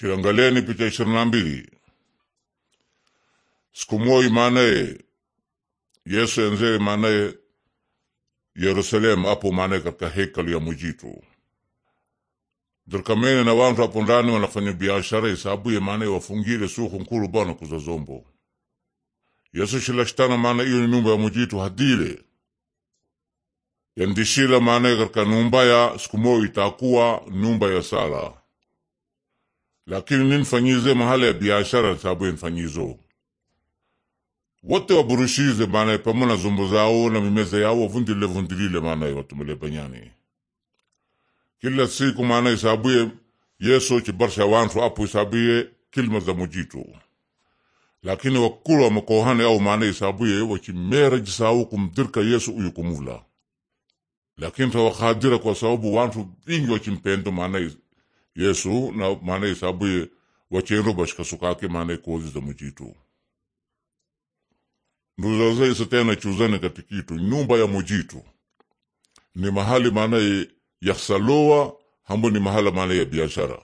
Chiangalieni picha ishirini na mbili. Siku moyi manaye Yesu enzee manaye Yerusalemu apo manaye katika hekalu ya mujitu dirikamene na wantu apo ndani wanafanya biashara isabuye manaye wafungile suku nkuru bwana kuzazombo Yesu shilashitana maana iyo ni nyumba ya mujitu hadile yandishila manaye katika numba ya siku moyi itakuwa numba ya sala lakini ninfanyize mahala ya biashara sabu yenfanyizo wote waburushize maanaye pamo na zombo zao na mimeza yao vundile vundilile maanaye watumile banyani kila siku maanaye sabuye yeso chibarsha wantu apo isabuye kilma za mujitu lakini wakulu wa makohani au maanaye sabuye wachimera jisau kumdirka yesu uyu kumula lakini tawakhadira kwa sababu wantu vingi wachimpendo maanaye yesu na maana isabuye wachenro bashikasukake maana kozi za mujitu nduzaze isa tena chuzane katikitu nyumba ya mujitu ni mahali maana saloa hambo ni mahala maana ya biashara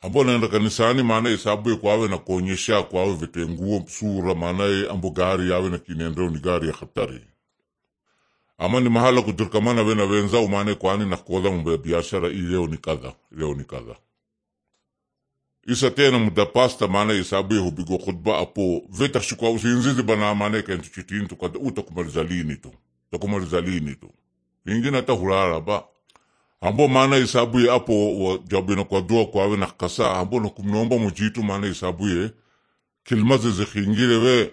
ambo naenda kanisani maana sabuye kwawe na kuonyesha kwawe vitenguo sura maana ambo gari yawe na kinendeo ni gari ya hatari ama ni mahala kudirkamana wena wenza umane kwani nakoza mbe biashara leo ni kadha leo ni kadha isa tena muda pasta maana isabu ya hubigo khutba apo veta shukwa usinzizi bana maana kentu chitini tu kada uta kumalizalini tu ta kumalizalini tu ingina ta hulala ba ambo maana isabu ya apo wa jabina kwa dua kwa we na kasa ambo na kumnomba mujitu maana isabu ya kilmazi zikhingire we